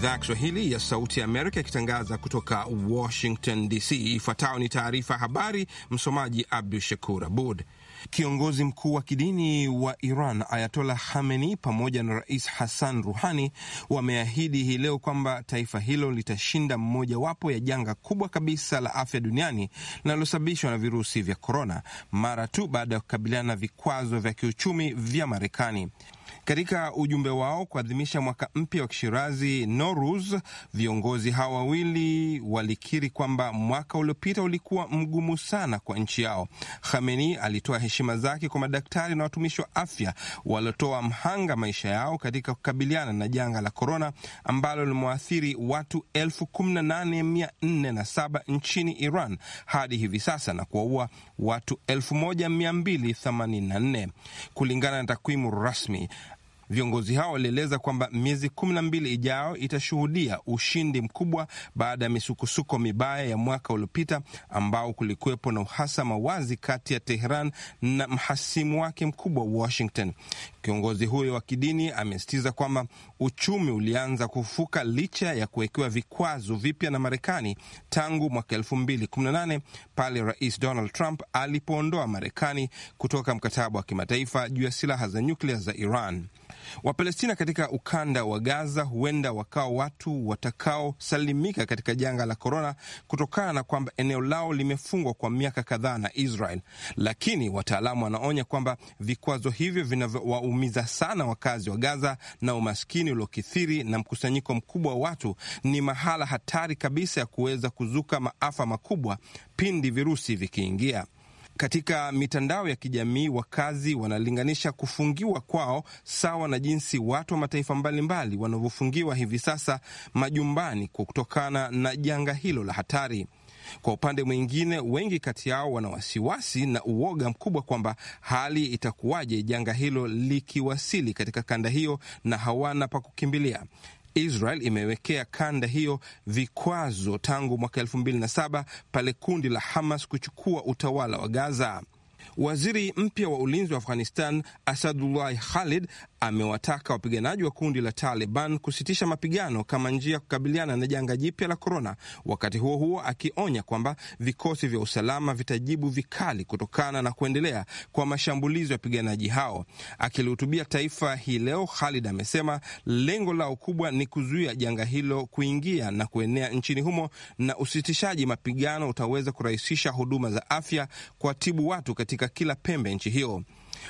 idhaa ya Kiswahili ya Sauti ya Amerika ikitangaza kutoka Washington DC. Ifuatayo ni taarifa habari, msomaji Abdu Shakur Abud. Kiongozi mkuu wa kidini wa Iran Ayatola Khamenei pamoja na rais Hassan Ruhani wameahidi hii leo kwamba taifa hilo litashinda mmojawapo ya janga kubwa kabisa la afya duniani linalosababishwa na virusi vya korona, mara tu baada ya kukabiliana na vikwazo vya kiuchumi vya Marekani. Katika ujumbe wao kuadhimisha mwaka mpya wa Kishirazi Noruz, viongozi hawa wawili walikiri kwamba mwaka uliopita ulikuwa mgumu sana kwa nchi yao. Khamenei alitoa heshima zake kwa madaktari na watumishi wa afya waliotoa mhanga maisha yao katika kukabiliana na janga la korona ambalo limewaathiri watu 18447 nchini Iran hadi hivi sasa na kuwaua watu 1284 kulingana na takwimu rasmi. Viongozi hao walieleza kwamba miezi kumi na mbili ijayo itashuhudia ushindi mkubwa baada ya misukosuko mibaya ya mwaka uliopita ambao kulikuwepo na uhasama wazi kati ya Tehran na mhasimu wake mkubwa Washington. Kiongozi huyo wa kidini amesisitiza kwamba uchumi ulianza kufuka licha ya kuwekewa vikwazo vipya na Marekani tangu mwaka nane pale Rais Donald Trump alipoondoa Marekani kutoka mkataba wa kimataifa juu ya silaha za nyuklia za Iran. Wapalestina katika ukanda wa Gaza huenda wakawa watu watakaosalimika katika janga la korona kutokana na kwamba eneo lao limefungwa kwa miaka kadhaa na Israel, lakini wataalamu wanaonya kwamba vikwazo hivyo vinavyowaumiza sana wakazi wa Gaza na umaskini uliokithiri na mkusanyiko mkubwa wa watu ni mahala hatari kabisa ya kuweza kuzuka maafa makubwa pindi virusi vikiingia. Katika mitandao ya kijamii wakazi wanalinganisha kufungiwa kwao sawa na jinsi watu wa mataifa mbalimbali wanavyofungiwa hivi sasa majumbani kutokana na janga hilo la hatari. Kwa upande mwingine, wengi kati yao wana wasiwasi na uoga mkubwa kwamba hali itakuwaje janga hilo likiwasili katika kanda hiyo na hawana pa kukimbilia. Israel imewekea kanda hiyo vikwazo tangu mwaka elfu mbili na saba pale kundi la Hamas kuchukua utawala wa Gaza. Waziri mpya wa ulinzi wa Afghanistan Asadullahi Khalid amewataka wapiganaji wa kundi la Taliban kusitisha mapigano kama njia ya kukabiliana na janga jipya la korona, wakati huo huo akionya kwamba vikosi vya usalama vitajibu vikali kutokana na kuendelea kwa mashambulizi ya wapiganaji hao. Akilihutubia taifa hii leo, Khalid amesema lengo lao kubwa ni kuzuia janga hilo kuingia na kuenea nchini humo, na usitishaji mapigano utaweza kurahisisha huduma za afya, kuwatibu watu katika kila pembe nchi hiyo.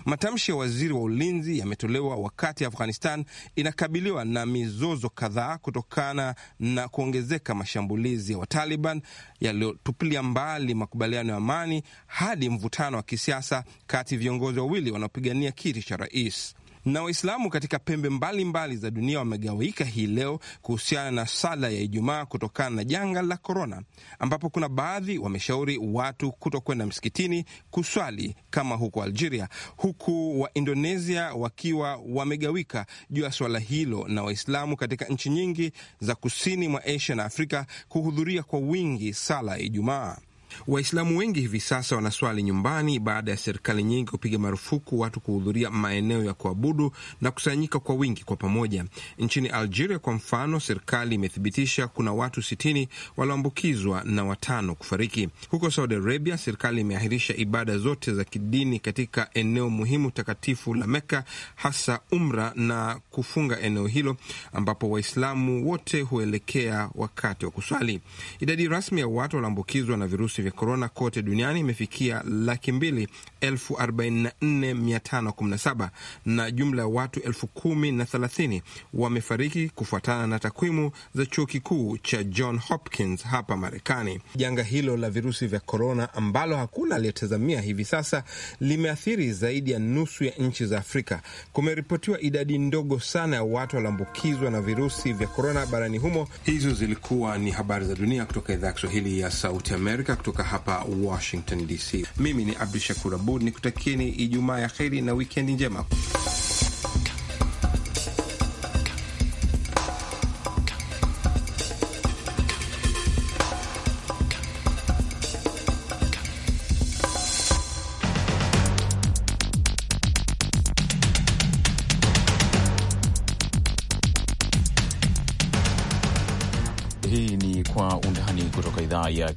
Matamshi ya waziri wa ulinzi yametolewa wakati Afghanistan inakabiliwa na mizozo kadhaa kutokana na kuongezeka mashambulizi ya Wataliban yaliyotupilia mbali makubaliano ya amani hadi mvutano wa kisiasa kati viongozi wawili wanaopigania kiti cha rais. Na Waislamu katika pembe mbalimbali mbali za dunia wamegawika hii leo kuhusiana na sala ya Ijumaa kutokana na janga la korona, ambapo kuna baadhi wameshauri watu kutokwenda msikitini kuswali kama huko Algeria, huku wa Indonesia wakiwa wamegawika juu ya swala hilo, na Waislamu katika nchi nyingi za kusini mwa Asia na Afrika kuhudhuria kwa wingi sala ya Ijumaa. Waislamu wengi hivi sasa wanaswali nyumbani baada ya serikali nyingi kupiga marufuku watu kuhudhuria maeneo ya kuabudu na kusanyika kwa wingi kwa pamoja. Nchini Algeria kwa mfano, serikali imethibitisha kuna watu sitini walioambukizwa na watano kufariki. Huko Saudi Arabia, serikali imeahirisha ibada zote za kidini katika eneo muhimu takatifu la Mekka, hasa umra na kufunga eneo hilo ambapo Waislamu wote huelekea wakati wa kuswali. Idadi rasmi ya watu walioambukizwa na virusi virusi vya korona kote duniani imefikia laki mbili elfu arobaini na nne mia tano kumi na saba na jumla ya watu elfu kumi na thelathini wamefariki kufuatana na takwimu za chuo kikuu cha John Hopkins hapa Marekani. Janga hilo la virusi vya korona ambalo hakuna aliyetazamia hivi sasa limeathiri zaidi ya nusu ya nchi za Afrika. Kumeripotiwa idadi ndogo sana ya watu walioambukizwa na virusi vya korona barani humo. Hizo zilikuwa ni habari za dunia kutoka idhaa ya Kiswahili ya Sauti Amerika kutoka hapa Washington DC. Mimi ni Abdu Shakur Abud ni kutakieni Ijumaa ya kheri na wikendi njema.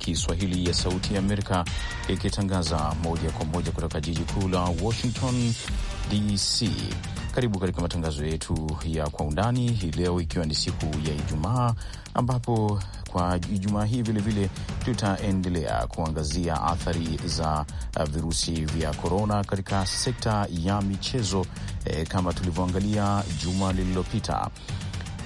Kiswahili ya Sauti ya Amerika ikitangaza moja kwa moja kutoka jiji kuu la Washington DC. Karibu katika matangazo yetu ya kwa undani hii leo, ikiwa ni siku ya Ijumaa, ambapo kwa Ijumaa hii vilevile tutaendelea kuangazia athari za virusi vya korona katika sekta ya michezo, e, kama tulivyoangalia juma lililopita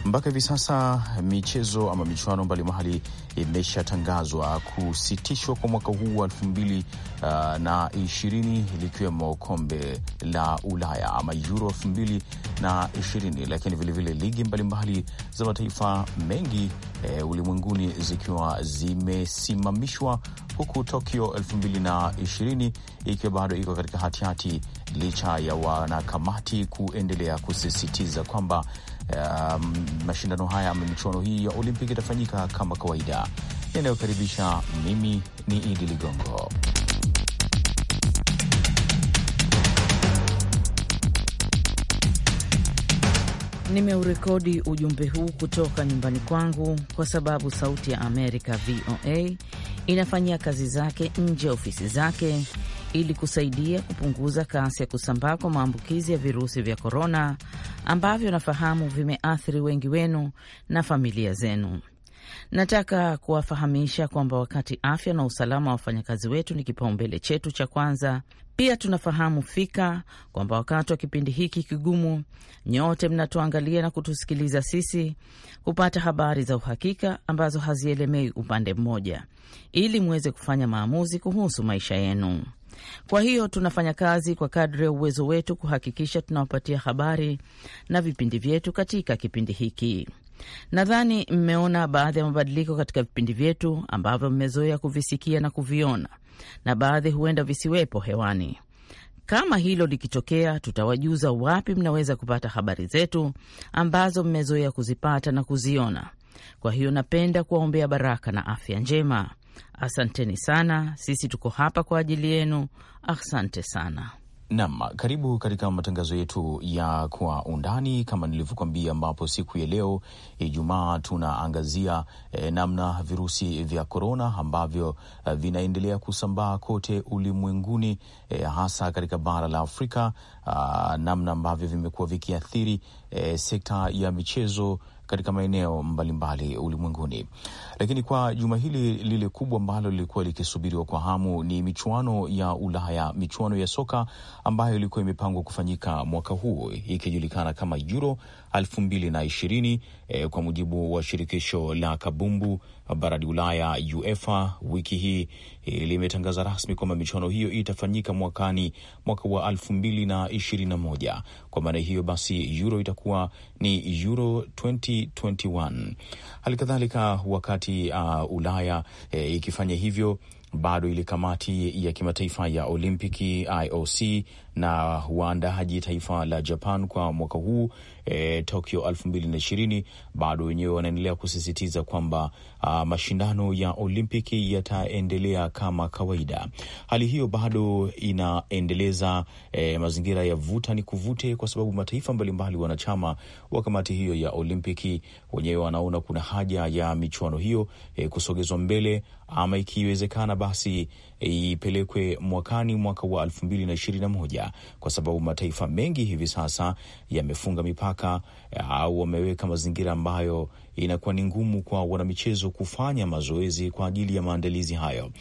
mpaka hivi sasa michezo ama michuano mbalimbali imeshatangazwa kusitishwa kwa mwaka huu wa elfu mbili uh, na ishirini likiwemo kombe la Ulaya ama Euro elfu mbili na ishirini, lakini vilevile vile ligi mbalimbali za mataifa mengi e, ulimwenguni zikiwa zimesimamishwa huku Tokyo elfu mbili na ishirini ikiwa bado iko katika hatihati licha ya wanakamati kuendelea kusisitiza kwamba mashindano haya ama michuano hii ya Olimpiki itafanyika kama kawaida. Ninayokaribisha mimi ni Idi Ligongo. Nimeurekodi ujumbe huu kutoka nyumbani kwangu kwa sababu Sauti ya Amerika VOA inafanyia kazi zake nje ya ofisi zake ili kusaidia kupunguza kasi ya kusambaa kwa maambukizi ya virusi vya korona ambavyo nafahamu vimeathiri wengi wenu na familia zenu. Nataka kuwafahamisha kwamba wakati afya na usalama wa wafanyakazi wetu ni kipaumbele chetu cha kwanza, pia tunafahamu fika kwamba wakati wa kipindi hiki kigumu, nyote mnatuangalia na kutusikiliza sisi kupata habari za uhakika ambazo hazielemei upande mmoja, ili mweze kufanya maamuzi kuhusu maisha yenu. Kwa hiyo tunafanya kazi kwa kadri ya uwezo wetu kuhakikisha tunawapatia habari na vipindi vyetu katika kipindi hiki. Nadhani mmeona baadhi ya mabadiliko katika vipindi vyetu ambavyo mmezoea kuvisikia na kuviona, na baadhi huenda visiwepo hewani. Kama hilo likitokea, tutawajuza wapi mnaweza kupata habari zetu ambazo mmezoea kuzipata na kuziona. Kwa hiyo napenda kuwaombea baraka na afya njema. Asanteni sana, sisi tuko hapa kwa ajili yenu. Asante sana. Nam, karibu katika matangazo yetu ya kwa undani kama nilivyokuambia, ambapo siku ya leo Ijumaa tunaangazia e, namna virusi vya korona ambavyo e, vinaendelea kusambaa kote ulimwenguni e, hasa katika bara la Afrika a, ah, namna ambavyo vimekuwa vikiathiri e, sekta ya michezo katika maeneo mbalimbali ulimwenguni. Lakini kwa juma hili lile kubwa ambalo lilikuwa likisubiriwa kwa hamu ni michuano ya Ulaya, michuano ya soka ambayo ilikuwa imepangwa kufanyika mwaka huu ikijulikana kama Euro elfu na ishirini eh, kwa mujibu wa shirikisho la kabumbu barani Ulaya, UEFA, wiki hii eh, limetangaza rasmi kwamba michuano hiyo itafanyika mwakani, mwaka wa elfu mbili na ishirini na moja. Kwa maana hiyo basi, Euro itakuwa ni Euro 2021. Hali kadhalika wakati uh, Ulaya eh, ikifanya hivyo bado ile kamati ya kimataifa ya Olimpiki IOC na waandaji taifa la Japan kwa mwaka huu e, Tokyo 2020 bado wenyewe wanaendelea kusisitiza kwamba a, mashindano ya Olimpiki yataendelea kama kawaida. Hali hiyo bado inaendeleza e, mazingira ya vuta ni kuvute, kwa sababu mataifa mbalimbali wanachama wa kamati hiyo ya Olimpiki wenyewe wanaona kuna haja ya michuano hiyo e, kusogezwa mbele ama ikiwezekana basi ipelekwe mwakani mwaka wa elfu kwa sababu mataifa mengi hivi sasa yamefunga mipaka eh, au wameweka mazingira ambayo inakuwa ni ngumu kwa wanamichezo kufanya mazoezi kwa ajili ya maandalizi hayo.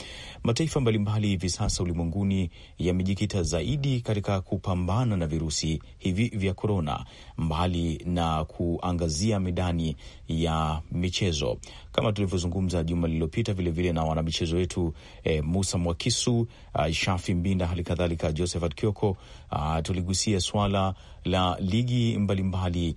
Mataifa mbalimbali hivi sasa ulimwenguni yamejikita zaidi katika kupambana na virusi hivi vya korona, mbali na kuangazia medani ya michezo kama tulivyozungumza juma lililopita, vilevile na wanamichezo wetu e, Musa Mwakisu, uh, Shafi Mbinda, hali kadhalika Josephat Kioko. Uh, tuligusia swala la ligi mbalimbali mbali,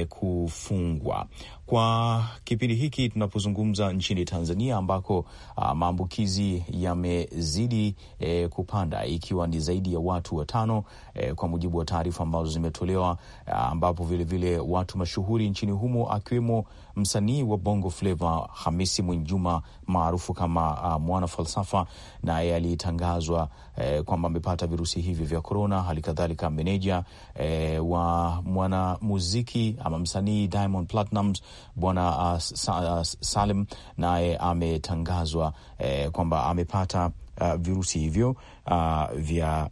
e, kufungwa kwa kipindi hiki tunapozungumza nchini Tanzania ambako uh, maambukizi yamezidi eh, kupanda ikiwa ni zaidi ya watu watano eh, kwa mujibu wa taarifa ambazo zimetolewa, ah, ambapo vilevile vilevile watu mashuhuri nchini humo akiwemo msanii wa bongo flavo Hamisi Mwinjuma maarufu kama uh, mwana falsafa, naye alitangazwa eh, kwamba amepata virusi hivyo vya korona. Hali kadhalika meneja eh, wa mwanamuziki ama msanii Diamond Platnumz bwana uh, sa, uh, Salem naye ametangazwa eh, kwamba amepata uh, virusi hivyo uh, vya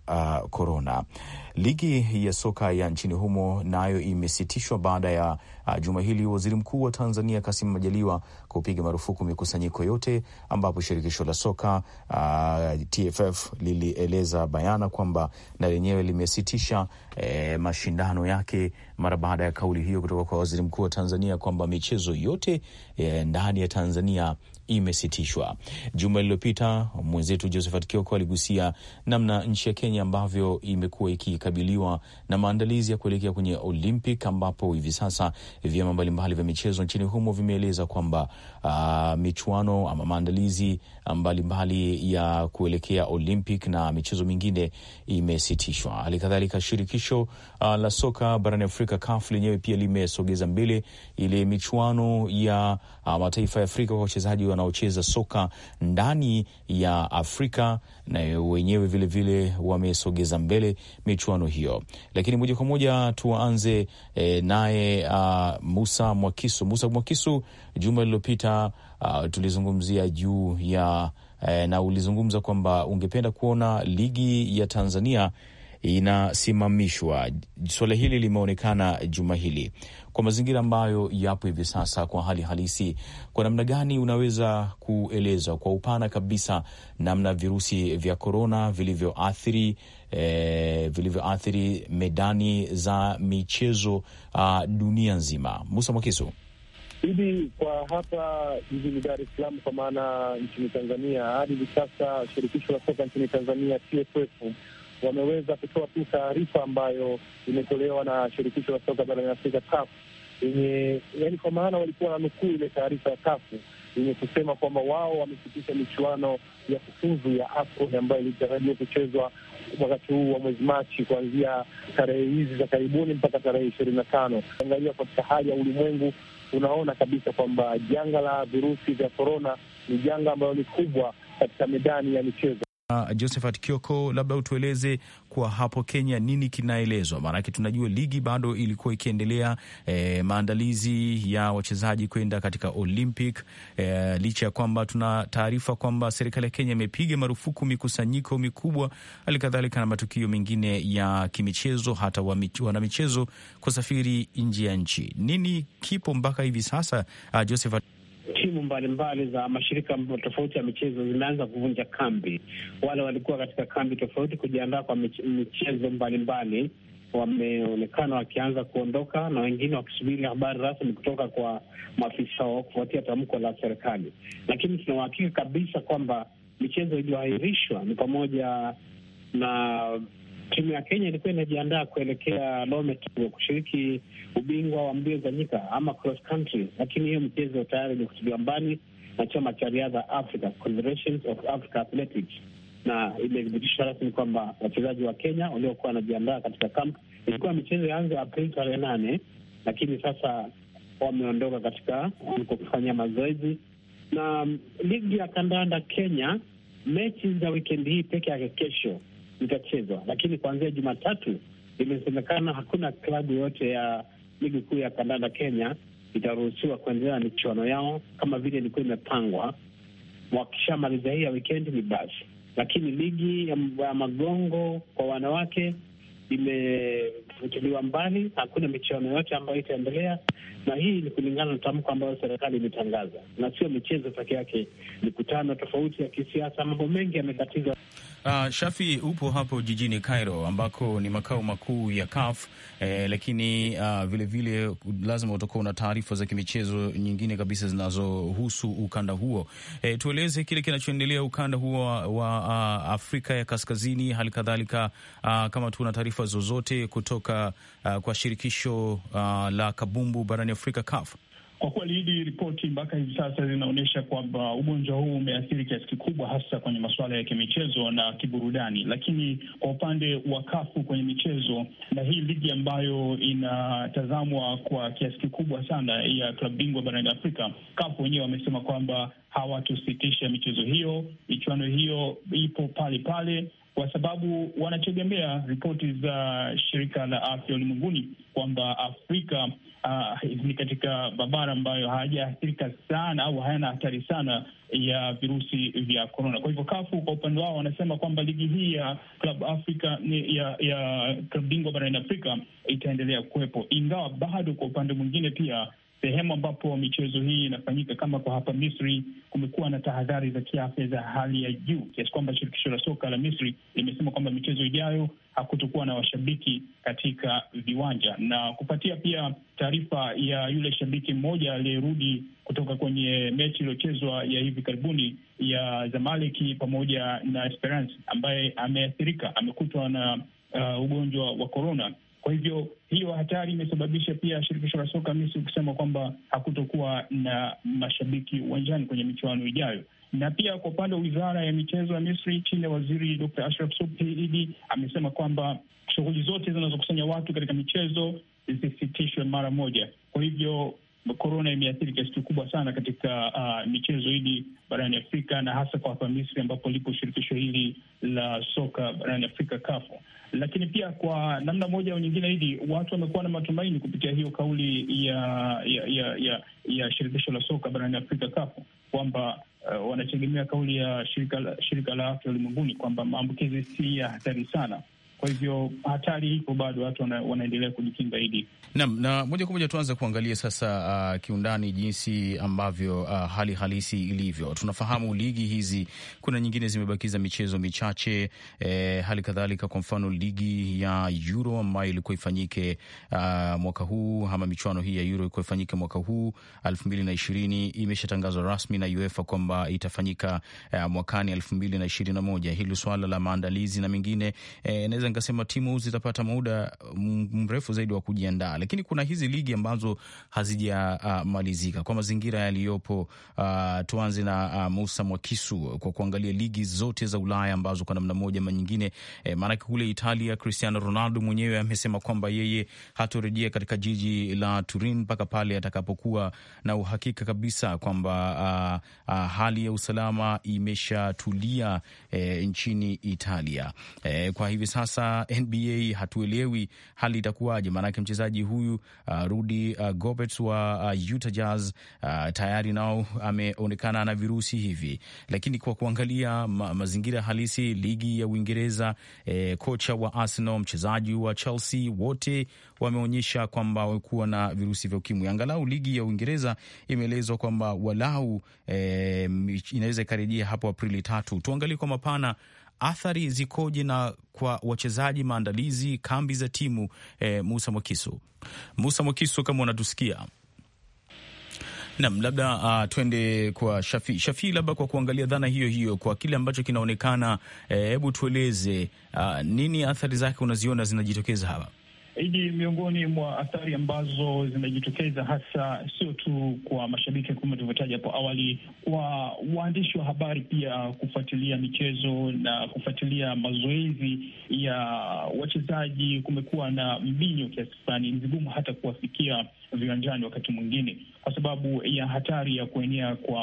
korona uh, Ligi ya soka ya nchini humo nayo na imesitishwa baada ya uh, juma hili waziri mkuu wa Tanzania Kassim Majaliwa kupiga marufuku mikusanyiko yote, ambapo shirikisho la soka uh, TFF lilieleza bayana kwamba na lenyewe limesitisha eh, mashindano yake mara baada ya kauli hiyo kutoka kwa waziri mkuu wa Tanzania kwamba michezo yote eh, ndani ya Tanzania imesitishwa. Juma lililopita mwenzetu Josephat Kioko aligusia namna nchi ya Kenya ambavyo imekuwa ikikabiliwa na maandalizi ya kuelekea kwenye Olympic, ambapo hivi sasa vyama mbalimbali vya michezo nchini humo vimeeleza kwamba uh, michuano ama maandalizi mbalimbali ya kuelekea Olympic na michezo mingine imesitishwa. Hali kadhalika shirikisho uh, la soka barani Afrika CAF lenyewe pia limesogeza mbele ile michuano ya uh, mataifa ya Afrika kwa wachezaji wanaocheza soka ndani ya Afrika na wenyewe vilevile wamesogeza mbele michuano hiyo. Lakini moja kwa moja tuanze e, naye ah, Musa Mwakisu. Musa Mwakisu, juma lililopita ah, tulizungumzia juu ya e, na ulizungumza kwamba ungependa kuona ligi ya Tanzania inasimamishwa. Suala hili limeonekana juma hili kwa mazingira ambayo yapo hivi sasa, kwa hali halisi, kwa namna gani unaweza kueleza kwa upana kabisa namna virusi vya korona vilivyoathiri eh, vilivyoathiri medani za michezo uh, dunia nzima? Musa Mwakisu hivi kwa hapa jijini Dar es Salaam, kwa maana nchini Tanzania, hadi hivi sasa shirikisho la soka nchini Tanzania TFF wameweza kutoa tu taarifa ambayo imetolewa na shirikisho la soka barani Afrika, CAF, yenye yani, kwa maana walikuwa na nukuu ile taarifa ya CAF yenye kusema kwamba wao wamesitisha michuano ya kufuzu ya AFCON ambayo ilitarajiwa kuchezwa wakati huu wa mwezi Machi, kuanzia tarehe hizi za karibuni mpaka tarehe ishirini na tano. Angalia katika hali ya ulimwengu, unaona kabisa kwamba janga la virusi vya korona ni janga ambalo ni kubwa katika medani ya michezo. Ah, Josephat Kioko, labda utueleze kwa hapo Kenya nini kinaelezwa, maanake tunajua ligi bado ilikuwa ikiendelea, e, maandalizi ya wachezaji kwenda katika Olympic, e, licha ya kwamba tuna taarifa kwamba serikali ya Kenya imepiga marufuku mikusanyiko mikubwa, halikadhalika na matukio mengine ya kimichezo, hata wanamichezo kusafiri nje ya nchi. Nini kipo mpaka hivi sasa, ah, Josephat? timu mbalimbali za mashirika tofauti ya michezo zimeanza kuvunja kambi. Wale walikuwa katika kambi tofauti kujiandaa kwa michezo mbalimbali wameonekana wakianza kuondoka na wengine wakisubiri habari rasmi kutoka kwa maafisa wao kufuatia tamko la serikali. Lakini tunauhakika kabisa kwamba michezo iliyoahirishwa ni pamoja na timu ya Kenya ilikuwa inajiandaa kuelekea Lomet kushiriki ubingwa wa mbio za nyika ama cross country, lakini hiyo mchezo tayari imekutiliwa mbali na chama cha riadha Africa, Confederation of Africa Athletics, na imethibitishwa rasmi kwamba wachezaji wa Kenya waliokuwa wanajiandaa katika kamp, ilikuwa michezo yaanze Aprili tarehe nane, lakini sasa wameondoka katika kufanya mazoezi. Na ligi ya kandanda Kenya, mechi za wikendi hii peke yake kesho zitachezwa, lakini kuanzia Jumatatu imesemekana hakuna klabu yoyote ya ligi kuu ya kandanda Kenya itaruhusiwa kuendelea na michuano yao kama vile ilikuwa imepangwa. Wakishamaliza hii ya wikendi ni basi, lakini ligi ya magongo kwa wanawake imefutiliwa mbali. Hakuna michuano yote ambayo itaendelea, na hii ni kulingana na tamko ambayo serikali imetangaza, na sio michezo peke yake, mikutano tofauti ya kisiasa, mambo mengi yamekatizwa. Uh, Shafi, upo hapo jijini Cairo ambako ni makao makuu ya CAF eh, lakini vilevile ah, uh, vile, lazima utakuwa na taarifa za kimichezo nyingine kabisa zinazohusu ukanda huo. Eh, tueleze kile kinachoendelea ukanda huo wa, uh, Afrika ya Kaskazini, hali kadhalika uh, kama tuna taarifa zozote kutoka uh, kwa shirikisho uh, la kabumbu barani Afrika CAF. Kwa kweli hili ripoti mpaka hivi sasa zinaonyesha kwamba ugonjwa huu umeathiri kiasi kikubwa, hasa kwenye masuala ya kimichezo na kiburudani, lakini kwa upande wa kafu kwenye michezo na hii ligi ambayo inatazamwa kwa kiasi kikubwa sana ya klabu bingwa barani Afrika, kafu wenyewe wamesema kwamba hawatusitisha michezo hiyo, michuano hiyo ipo pale pale kwa sababu wanategemea ripoti za shirika la afya ulimwenguni kwamba Afrika uh, ni katika barabara ambayo hayajaathirika sana au hayana hatari sana ya virusi vya korona. Kwa hivyo kafu kwa upande wao wanasema kwamba ligi hii ya klabu Afrika ya ya klabu bingwa barani Afrika itaendelea kuwepo, ingawa bado kwa upande mwingine pia sehemu ambapo michezo hii inafanyika kama kwa hapa Misri, kumekuwa na tahadhari za kiafya za hali ya juu kiasi kwamba shirikisho la soka la Misri limesema kwamba michezo ijayo hakutokuwa na washabiki katika viwanja, na kupatia pia taarifa ya yule shabiki mmoja aliyerudi kutoka kwenye mechi iliyochezwa ya hivi karibuni ya Zamaleki pamoja na Esperance ambaye ameathirika, amekutwa na uh, ugonjwa wa korona kwa hivyo hiyo hatari imesababisha pia shirikisho la soka Misri kusema kwamba hakutokuwa na mashabiki uwanjani kwenye michuano ijayo na pia kwa upande wa wizara ya michezo ya Misri chini ya waziri Dr Ashraf Subhi amesema kwamba shughuli zote zinazokusanya watu katika michezo zisitishwe mara moja. Kwa hivyo korona imeathiri kiasi kikubwa sana katika uh, michezo hili barani Afrika na hasa kwa hapa Misri ambapo lipo shirikisho hili la soka barani Afrika kafu. Lakini pia kwa namna moja au nyingine, hili watu wamekuwa na matumaini kupitia hiyo kauli ya ya ya ya, ya shirikisho la soka barani Afrika kafu kwamba uh, wanategemea kauli ya shirika, shirika la afya ulimwenguni kwamba maambukizi si ya hatari sana kwa hivyo hatari iko bado, watu wana, wanaendelea kujikinga zaidi. Naam, na moja kwa moja tuanze kuangalia sasa uh, kiundani jinsi ambavyo uh, hali halisi ilivyo. Tunafahamu ligi hizi, kuna nyingine zimebakiza michezo michache eh, hali kadhalika, kwa mfano ligi ya Euro ambayo ilikuwa ifanyike uh, mwaka huu ama michuano hii ya Euro ilikuwa ifanyike mwaka huu elfu mbili na ishirini imeshatangazwa rasmi na UEFA kwamba itafanyika uh, mwakani elfu mbili na ishirini na moja. Hili swala la maandalizi na mengine eh, naweza nikasema timu zitapata muda mm, mrefu zaidi wa kujiandaa, lakini kuna hizi ligi ambazo hazijamalizika uh, kwa mazingira yaliyopo. Uh, tuanze na uh, Musa Mwakisu kwa kuangalia ligi zote za Ulaya ambazo kwa namna moja ama nyingine eh, maanake kule Italia Cristiano Ronaldo mwenyewe amesema kwamba yeye hatorejea katika jiji la Turin mpaka pale atakapokuwa na uhakika kabisa kwamba uh, uh, hali ya usalama imeshatulia eh, nchini Italia eh, kwa hivi sasa sasa NBA hatuelewi hali itakuwaje, maanake mchezaji huyu uh, Rudy uh, Gobert wa uh, Utah Jazz uh, tayari nao ameonekana na virusi hivi, lakini kwa kuangalia ma mazingira halisi ligi ya Uingereza eh, kocha wa Arsenal, mchezaji wa Chelsea wote wameonyesha kwamba wamekuwa na virusi vya ukimwi. Angalau ligi ya Uingereza imeelezwa kwamba walau eh, inaweza ikarejea hapo Aprili tatu. Tuangalie kwa mapana athari zikoje na kwa wachezaji, maandalizi, kambi za timu? E, Musa Mwakisu, Musa Mwakisu, kama unatusikia Nam, labda uh, twende kwa Shafi. Shafi, labda kwa kuangalia dhana hiyo hiyo kwa kile ambacho kinaonekana, eh, hebu eh, tueleze uh, nini athari zake unaziona zinajitokeza hapa? Hii miongoni mwa athari ambazo zimejitokeza hasa, sio tu kwa mashabiki kama tulivyotaja hapo awali, kwa waandishi wa habari pia kufuatilia michezo na kufuatilia mazoezi ya wachezaji. Kumekuwa na mbinyo kiasi fulani, ni vigumu hata kuwafikia viwanjani wakati mwingine kwa sababu ya hatari ya kuenea kwa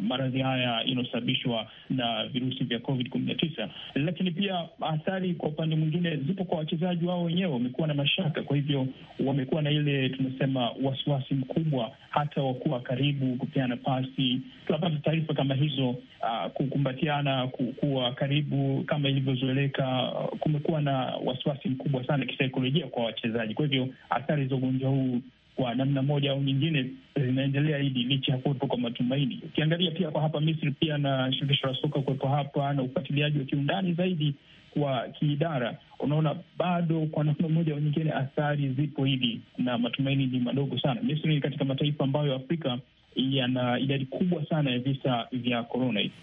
maradhi haya inayosababishwa na virusi vya Covid kumi na tisa. Lakini pia athari kwa upande mwingine zipo kwa wachezaji wao wenyewe, wamekuwa na mashaka, kwa hivyo wamekuwa na ile tunasema wasiwasi mkubwa, hata wakuwa karibu, kupeana pasi. Tunapata taarifa kama hizo, uh, kukumbatiana, kuwa karibu kama ilivyozoeleka. Kumekuwa na wasiwasi mkubwa sana kisaikolojia kwa wachezaji, kwa hivyo athari za ugonjwa huu kwa namna moja au nyingine zinaendelea hidi licha ya kuwepo kwa matumaini. Ukiangalia pia kwa hapa Misri pia na shirikisho la soka kuwepo hapa na ufuatiliaji wa kiundani zaidi wa kiidara, unaona bado kwa namna moja au nyingine athari zipo hivi na matumaini ni madogo sana. Misri ni katika mataifa ambayo Afrika yana idadi kubwa sana ya visa vya korona hivi.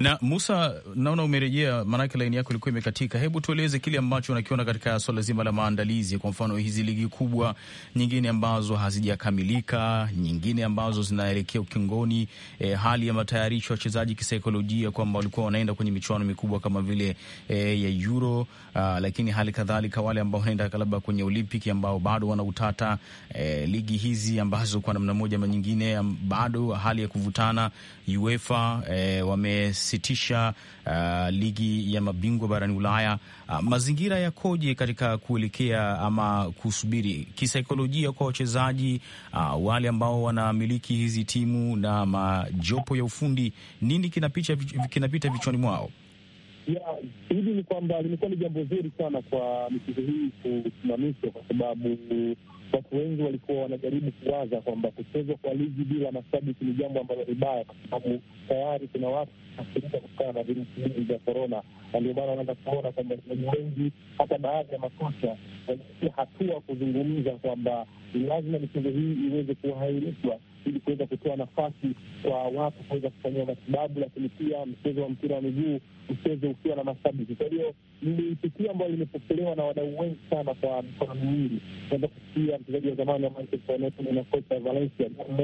Na Musa, naona umerejea, maanake laini yako ilikuwa imekatika. Hebu tueleze kile ambacho unakiona katika swala zima la maandalizi, kwa mfano hizi ligi kubwa nyingine ambazo hazijakamilika, nyingine ambazo zinaelekea ukingoni, e, hali ya matayarisho ya wachezaji kisaikolojia, kwamba walikuwa wanaenda kwenye michuano mikubwa kama vile e, ya Euro a, ah, lakini hali kadhalika wale ambao wanaenda labda kwenye Olimpiki ambao bado wanautata e, eh, ligi hizi ambazo kwa namna moja ama nyingine bado hali ya kuvutana. UEFA e, wame imesitisha uh, ligi ya mabingwa barani Ulaya. Uh, mazingira yakoje katika kuelekea ama kusubiri kisaikolojia kwa wachezaji uh, wale ambao wanamiliki hizi timu na majopo ya ufundi, nini kinapita kinapita vichwani mwao? Hili ni kwamba limekuwa ni jambo zuri sana kwa michezo hii kusimamishwa, kwa sababu watu wengi walikuwa wanajaribu kuwaza kwamba kuchezwa kwa ligi bila mashabiki ni jambo ambalo ni baya, kwa sababu tayari kuna watu athirika kutokana na virusi hivi vya korona, na ndio maana wanaweza kuona kwamba wachezaji wengi, hata baadhi ya makocha walifikia hatua kuzungumza kwamba lazima michezo hii iweze kuhairishwa ili kuweza kutoa nafasi kwa watu kuweza kufanyiwa matibabu, lakini pia mchezo wa mpira wa miguu mchezo ukiwa na mashabiki. Kwa hiyo ni tukio ambalo limepokelewa na wadau wengi sana kwa mikono miwili. Unaweza kusikia mchezaji wa zamani wa Manchester United na kocha Valencia John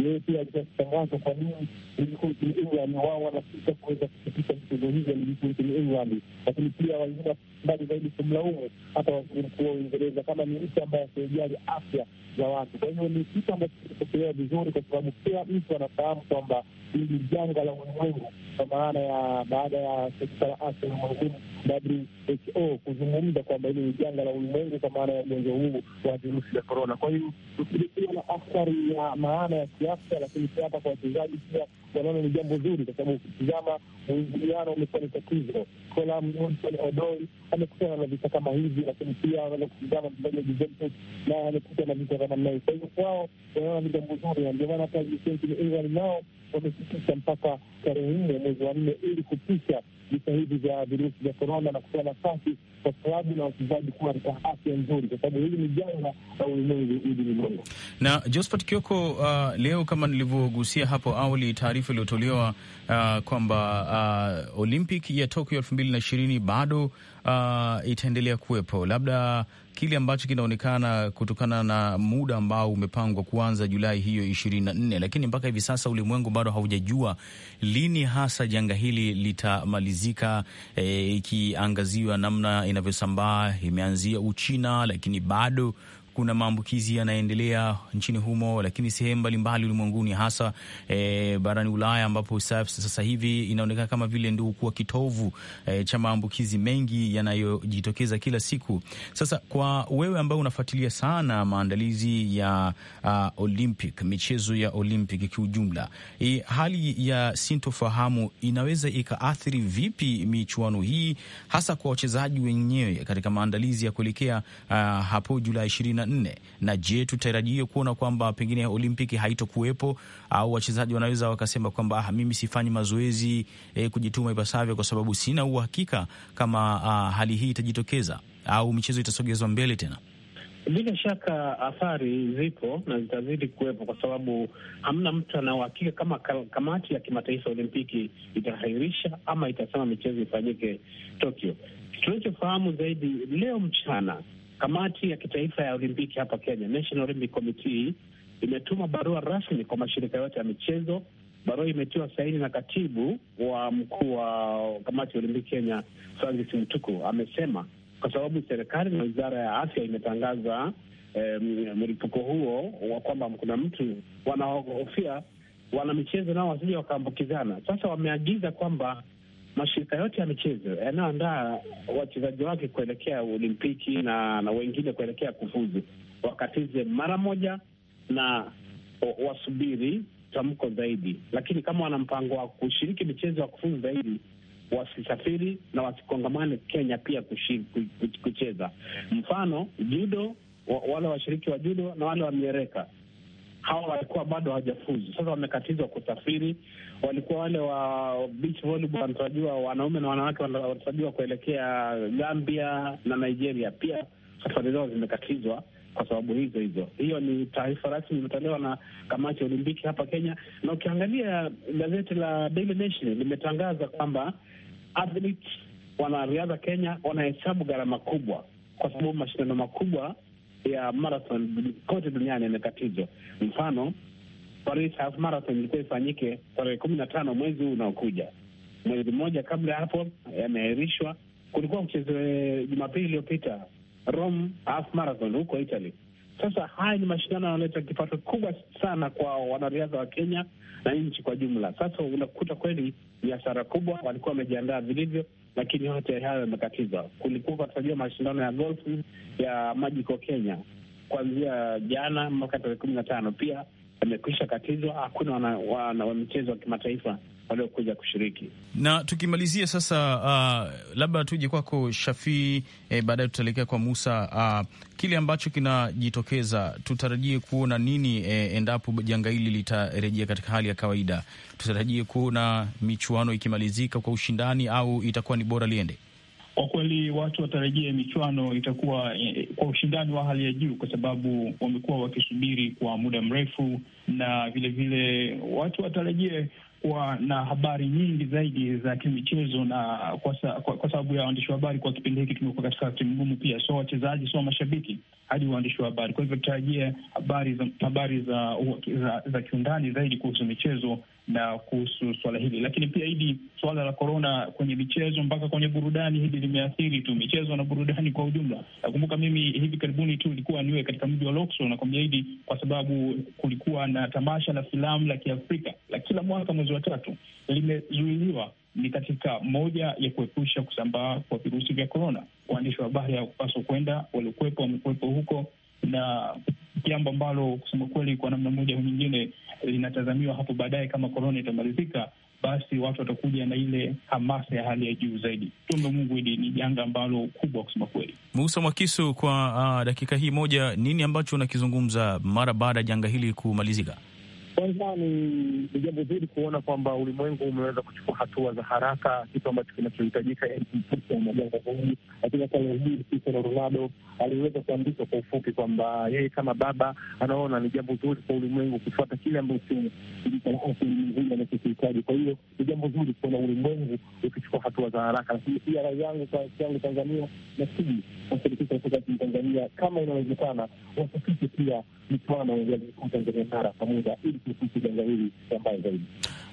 yeye pia alikuwa akitangazwa kwa nini nchini England wao wanasita kuweza kupitisha michezo hii ya ligi kuu nchini England, lakini pia wengine mbali zaidi kumlaumu hata waziri mkuu wa Uingereza kama ni mtu ambaye asiyejali afya za watu. Kwa hivyo ni kitu ambacho kimepokelewa vizuri, kwa sababu kila mtu anafahamu kwamba hili janga la ulimwengu, kwa maana ya baada ya shirika la afya ulimwenguni WHO kuzungumza kwamba hili ni janga la ulimwengu, kwa maana ya ugonjwa huu wa virusi vya korona. Kwa hiyo tukiwa na athari ya maana ya kiafya, lakini pia hapa kwa wachezaji pia wanaona ni jambo zuri, kwa sababu ukitizama uingiliano umekuwa ni tatizo. Kolam Odoi amekutana na vita kama hivi, lakini pia wanakutizama kutizama mchezaji wa Juventus naye amekuta na vita kama hii. Kwa hivyo kwao wanaona ni jambo zuri, na ndio maana hata nao wamefikisha mpaka tarehe nne mwezi wa nne ili kupisha visa hivi vya virusi vya korona na kutoa nafasi kwa klabu na wachezaji kuwa katika afya nzuri, kwa sababu hili ni janga la ulimwengu hili ulimwengu. Na Josphat Kioko, uh, leo kama nilivyogusia hapo awali, taarifa iliyotolewa uh, kwamba uh, Olympic ya Tokyo elfu mbili na ishirini bado uh, itaendelea kuwepo labda kile ambacho kinaonekana kutokana na muda ambao umepangwa kuanza Julai hiyo ishirini na nne, lakini mpaka hivi sasa ulimwengu bado haujajua lini hasa janga hili litamalizika, e, ikiangaziwa e, namna inavyosambaa. Imeanzia Uchina, lakini bado kuna maambukizi yanaendelea nchini humo, lakini sehemu mbalimbali ulimwenguni, hasa e, barani Ulaya ambapo sasa hivi inaonekana kama vile ndio kuwa kitovu e, cha maambukizi mengi yanayojitokeza kila siku. Sasa kwa wewe ambao unafuatilia sana maandalizi ya uh, Olympic, michezo ya Olympic kiujumla, e, hali ya sintofahamu inaweza ikaathiri vipi michuano hii hasa kwa wachezaji wenyewe katika maandalizi ya kuelekea uh, hapo Julai ishirini nne. Na je, tutarajie kuona kwamba pengine Olimpiki haitokuwepo au wachezaji wanaweza wakasema kwamba ah, mimi sifanyi mazoezi eh, kujituma ipasavyo kwa sababu sina uhakika kama ah, hali hii itajitokeza au michezo itasogezwa mbele tena? Bila shaka athari zipo na zitazidi kuwepo, kwa sababu hamna mtu anaohakika kama kamati ya kimataifa Olimpiki itahairisha ama itasema michezo ifanyike Tokyo. Tunachofahamu zaidi leo mchana Kamati ya kitaifa ya Olimpiki hapa Kenya, National Olympic Committee, imetuma barua rasmi kwa mashirika yote ya michezo. Barua imetiwa saini na katibu wa mkuu wa kamati ya Olimpiki Kenya, Francis Mtuku. Amesema kwa sababu serikali na wizara ya afya imetangaza eh, mlipuko huo wa kwamba kuna mtu wanaohofia wana michezo nao wasije wakaambukizana. Sasa wameagiza kwamba mashirika yote ya michezo yanayoandaa wachezaji wake kuelekea Olimpiki na, na wengine kuelekea kufuzu wakatize mara moja na wasubiri tamko zaidi, lakini kama wana mpango wa kushiriki michezo ya kufuzu zaidi wasisafiri na wasikongamane Kenya pia kucheza. Mfano judo, wale washiriki wa judo na wale wa miereka hawa walikuwa bado hawajafuzu, sasa wamekatizwa kusafiri. Walikuwa wale wa beach volleyball wanatarajiwa wanaume na wanawake wanatarajiwa kuelekea Gambia na Nigeria, pia safari zao zimekatizwa kwa sababu hizo hizo. Hiyo ni taarifa rasmi imetolewa na kamati ya Olimpiki hapa Kenya, na ukiangalia gazeti la Daily Nation limetangaza kwamba athletes wanariadha Kenya wanahesabu gharama kubwa, kwa sababu mashindano makubwa ya marathon kote duniani imekatizwa. Mfano, Paris Half Marathon ilikuwa ifanyike tarehe kumi na tano mwezi huu unaokuja, mwezi mmoja kabla ya hapo yameahirishwa. Kulikuwa mchezo eh, Jumapili iliyopita Rome Half Marathon huko Italy. Sasa haya ni mashindano yanaleta kipato kubwa sana kwa wanariadha wa Kenya na nchi kwa jumla. Sasa unakuta kweli ni kubwa, walikuwa wamejiandaa vilivyo, lakini yote hayo yamekatizwa. Kulikuwa tunajua mashindano ya golfu ya ko Kenya kuanzia jana mpaka tarehe kumi na tano pia yamekwisha katizwa. Hakuna wa michezo wa kimataifa waliokuja kushiriki. Na tukimalizia sasa, uh, labda tuje kwako Shafii, eh, baadaye tutaelekea kwa Musa. Uh, kile ambacho kinajitokeza tutarajie kuona nini eh, endapo janga hili litarejea katika hali ya kawaida? Tutarajie kuona michuano ikimalizika kwa ushindani au itakuwa ni bora liende? Kwa kweli watu watarajia michuano itakuwa eh, kwa ushindani wa hali ya juu, kwa sababu wamekuwa wakisubiri kwa muda mrefu, na vilevile vile, watu watarajie kuwa na habari nyingi zaidi za kimichezo na kwa, sa, kwa, kwa sababu ya waandishi wa habari kwa kipindi hiki tumekuwa katika wakati mgumu pia, so wachezaji, so mashabiki hadi waandishi wa habari. Kwa hivyo tutarajia habari za habari za, za, za, za kiundani zaidi kuhusu michezo na kuhusu swala hili, lakini pia hili swala la korona kwenye michezo mpaka kwenye burudani, hili limeathiri tu michezo na burudani kwa ujumla. Nakumbuka mimi hivi karibuni tu ilikuwa niwe katika mji wa Luxor, nakwambia hili kwa sababu kulikuwa na tamasha la filamu la Kiafrika la kila mwaka mwezi wa tatu, limezuiliwa ni katika moja ya kuepusha kusambaa kwa virusi vya korona. Waandishi wa habari hawakupaswa kwenda, waliokuwepo wamekuwepo huko na jambo ambalo kusema kweli, kwa namna moja au nyingine, linatazamiwa hapo baadaye, kama korona itamalizika, basi watu watakuja na ile hamasa ya hali ya juu zaidi. tume Mungu, hili ni janga ambalo kubwa kusema kweli. Musa Mwakisu, kwa uh, dakika hii moja, nini ambacho unakizungumza mara baada ya janga hili kumalizika? Kwanza ni jambo zuri kuona kwamba ulimwengu umeweza kuchukua hatua za haraka, kitu ambacho kinachohitajika. Cristiano Ronaldo aliweza kuandika kwa ufupi kwamba yeye kama baba anaona ni jambo zuri kwa ulimwengu kufuata kile ambacho ulimwenguni anachokihitaji. Kwa hiyo ni jambo zuri kuona ulimwengu ukichukua hatua za haraka, lakini pia rai yangu yangu Tanzania nasii washirikisha kutoka nchini Tanzania kama inawezekana, wasafiche pia michuano ya Tanzania kwa muda ili kuhusu janga hili ambayo zaidi.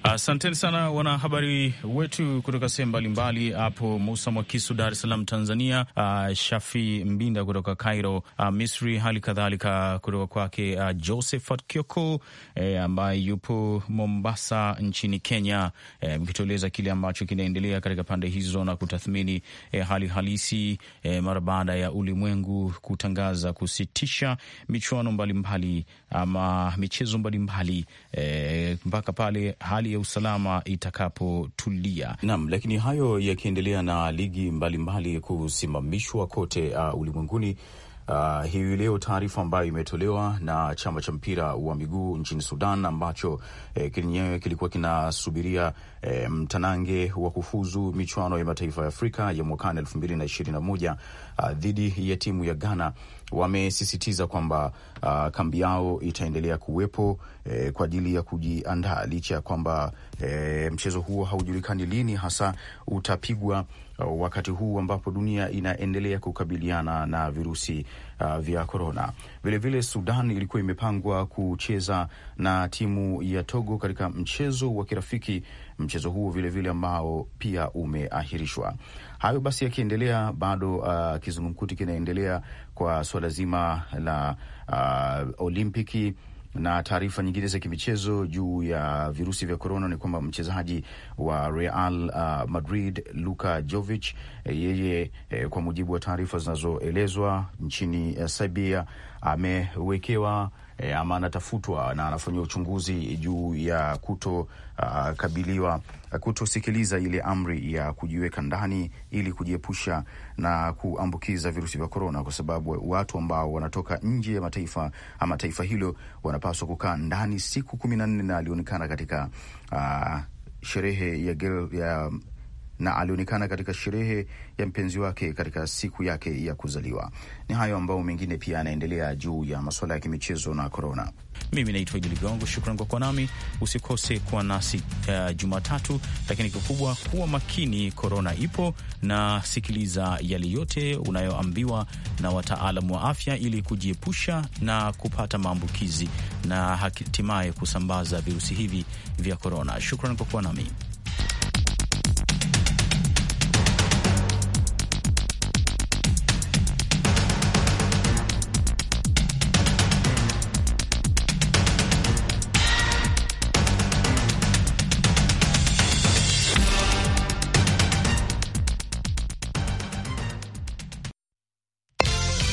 Asanteni sana wanahabari wetu kutoka sehemu mbalimbali hapo, Musa Mwakisu, Dar es Salaam, Tanzania, uh, Shafi Mbinda kutoka Cairo, uh, Misri, hali kadhalika kutoka kwake uh, Josephat Kioko eh, ambaye yupo Mombasa nchini Kenya, eh, mkitueleza kile ambacho kinaendelea katika pande hizo na kutathmini eh, hali halisi eh, mara baada ya ulimwengu kutangaza kusitisha michuano mbalimbali ama michezo mbalimbali e, mpaka pale hali ya usalama itakapotulia. Naam, lakini hayo yakiendelea na ligi mbalimbali mbali kusimamishwa kote uh, ulimwenguni. Uh, hii leo taarifa ambayo imetolewa na chama cha mpira wa miguu nchini Sudan ambacho eh, kilinyewe kilikuwa kinasubiria e, mtanange wa kufuzu michuano ya mataifa ya Afrika ya mwakani elfu mbili na ishirini na moja ah, dhidi ya timu ya Ghana wamesisitiza kwamba uh, kambi yao itaendelea kuwepo eh, kwa ajili ya kujiandaa licha ya kwamba eh, mchezo huo haujulikani lini hasa utapigwa, uh, wakati huu ambapo dunia inaendelea kukabiliana na virusi uh, vya korona. Vilevile, Sudan ilikuwa imepangwa kucheza na timu ya Togo katika mchezo wa kirafiki mchezo huo vilevile ambao pia umeahirishwa. Hayo basi yakiendelea, bado uh, kizungumkuti kinaendelea kwa suala zima la uh, Olimpiki na taarifa nyingine za kimichezo juu ya virusi vya korona ni kwamba mchezaji wa Real uh, Madrid Luka Jovic yeye, e, kwa mujibu wa taarifa zinazoelezwa nchini uh, Serbia amewekewa e, ama anatafutwa na anafanyia uchunguzi juu ya kuto uh, kabiliwa kutosikiliza ile amri ya kujiweka ndani ili kujiepusha na kuambukiza virusi vya korona, kwa sababu watu ambao wanatoka nje ya mataifa ama taifa hilo wanapaswa kukaa ndani siku kumi na nne, na alionekana katika uh, sherehe ya, ya na alionekana katika sherehe ya mpenzi wake katika siku yake ya kuzaliwa. Ni hayo ambayo mengine pia yanaendelea juu ya masuala ya kimichezo na korona. Mimi naitwa Idi Ligongo, shukran kwa kuwa nami. Usikose kuwa nasi uh, Jumatatu, lakini kikubwa kuwa makini, korona ipo na sikiliza yale yote unayoambiwa na wataalamu wa afya ili kujiepusha na kupata maambukizi na hatimaye kusambaza virusi hivi vya korona. Shukran kwa kuwa nami.